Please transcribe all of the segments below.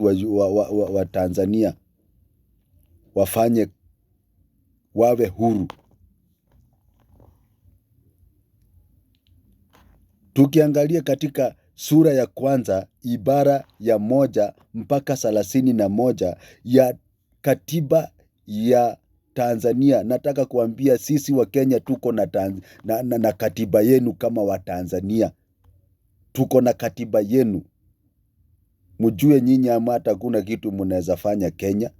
wa, wa, wa, wa Tanzania wafanye wawe huru. Tukiangalia katika sura ya kwanza ibara ya moja mpaka thelathini na moja ya katiba ya Tanzania. Nataka kuambia sisi wa Kenya tuko na, tanz, na, na, na katiba yenu kama Watanzania, tuko na katiba yenu mjue nyinyi ama hata kuna kitu mnaweza fanya Kenya.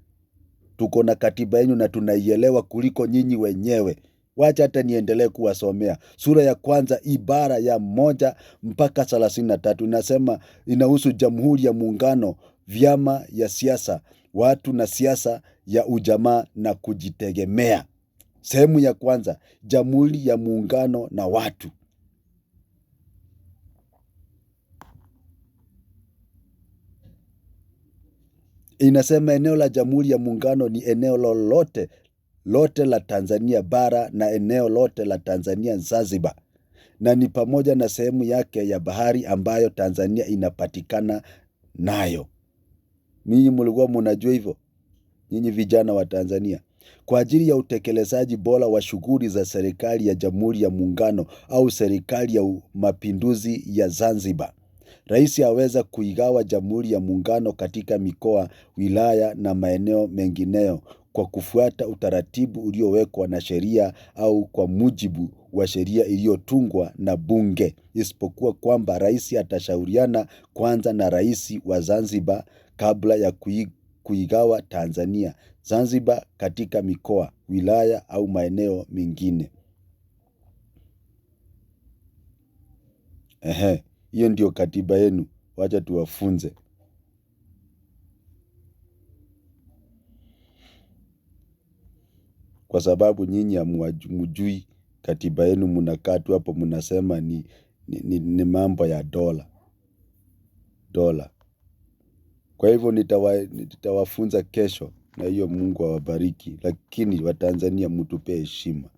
Tuko na katiba yenu na tunaielewa kuliko nyinyi wenyewe. Wacha hata niendelee kuwasomea sura ya kwanza ibara ya moja mpaka thelathini na tatu inasema, inahusu Jamhuri ya Muungano, vyama ya siasa, watu na siasa ya ujamaa na kujitegemea. Sehemu ya kwanza, Jamhuri ya Muungano na watu. inasema eneo la Jamhuri ya Muungano ni eneo lolote lote la Tanzania bara na eneo lote la Tanzania Zanzibar, na ni pamoja na sehemu yake ya bahari ambayo Tanzania inapatikana nayo. Ninyi mlikuwa munajua hivyo, nyinyi vijana wa Tanzania? Kwa ajili ya utekelezaji bora wa shughuli za serikali ya Jamhuri ya Muungano au serikali ya mapinduzi ya Zanzibar Rais aweza kuigawa Jamhuri ya Muungano katika mikoa, wilaya na maeneo mengineyo kwa kufuata utaratibu uliowekwa na sheria au kwa mujibu wa sheria iliyotungwa na Bunge, isipokuwa kwamba rais atashauriana kwanza na rais wa Zanzibar kabla ya kuigawa Tanzania Zanzibar katika mikoa, wilaya au maeneo mengine. Ehe hiyo ndio katiba yenu, wacha tuwafunze. Kwa sababu nyinyi hamujui katiba yenu, mnakaa tu hapo mnasema ni, ni, ni, ni mambo ya dola dola. Kwa hivyo nitawa, nitawafunza kesho, na hiyo Mungu awabariki, lakini Watanzania mtupe heshima.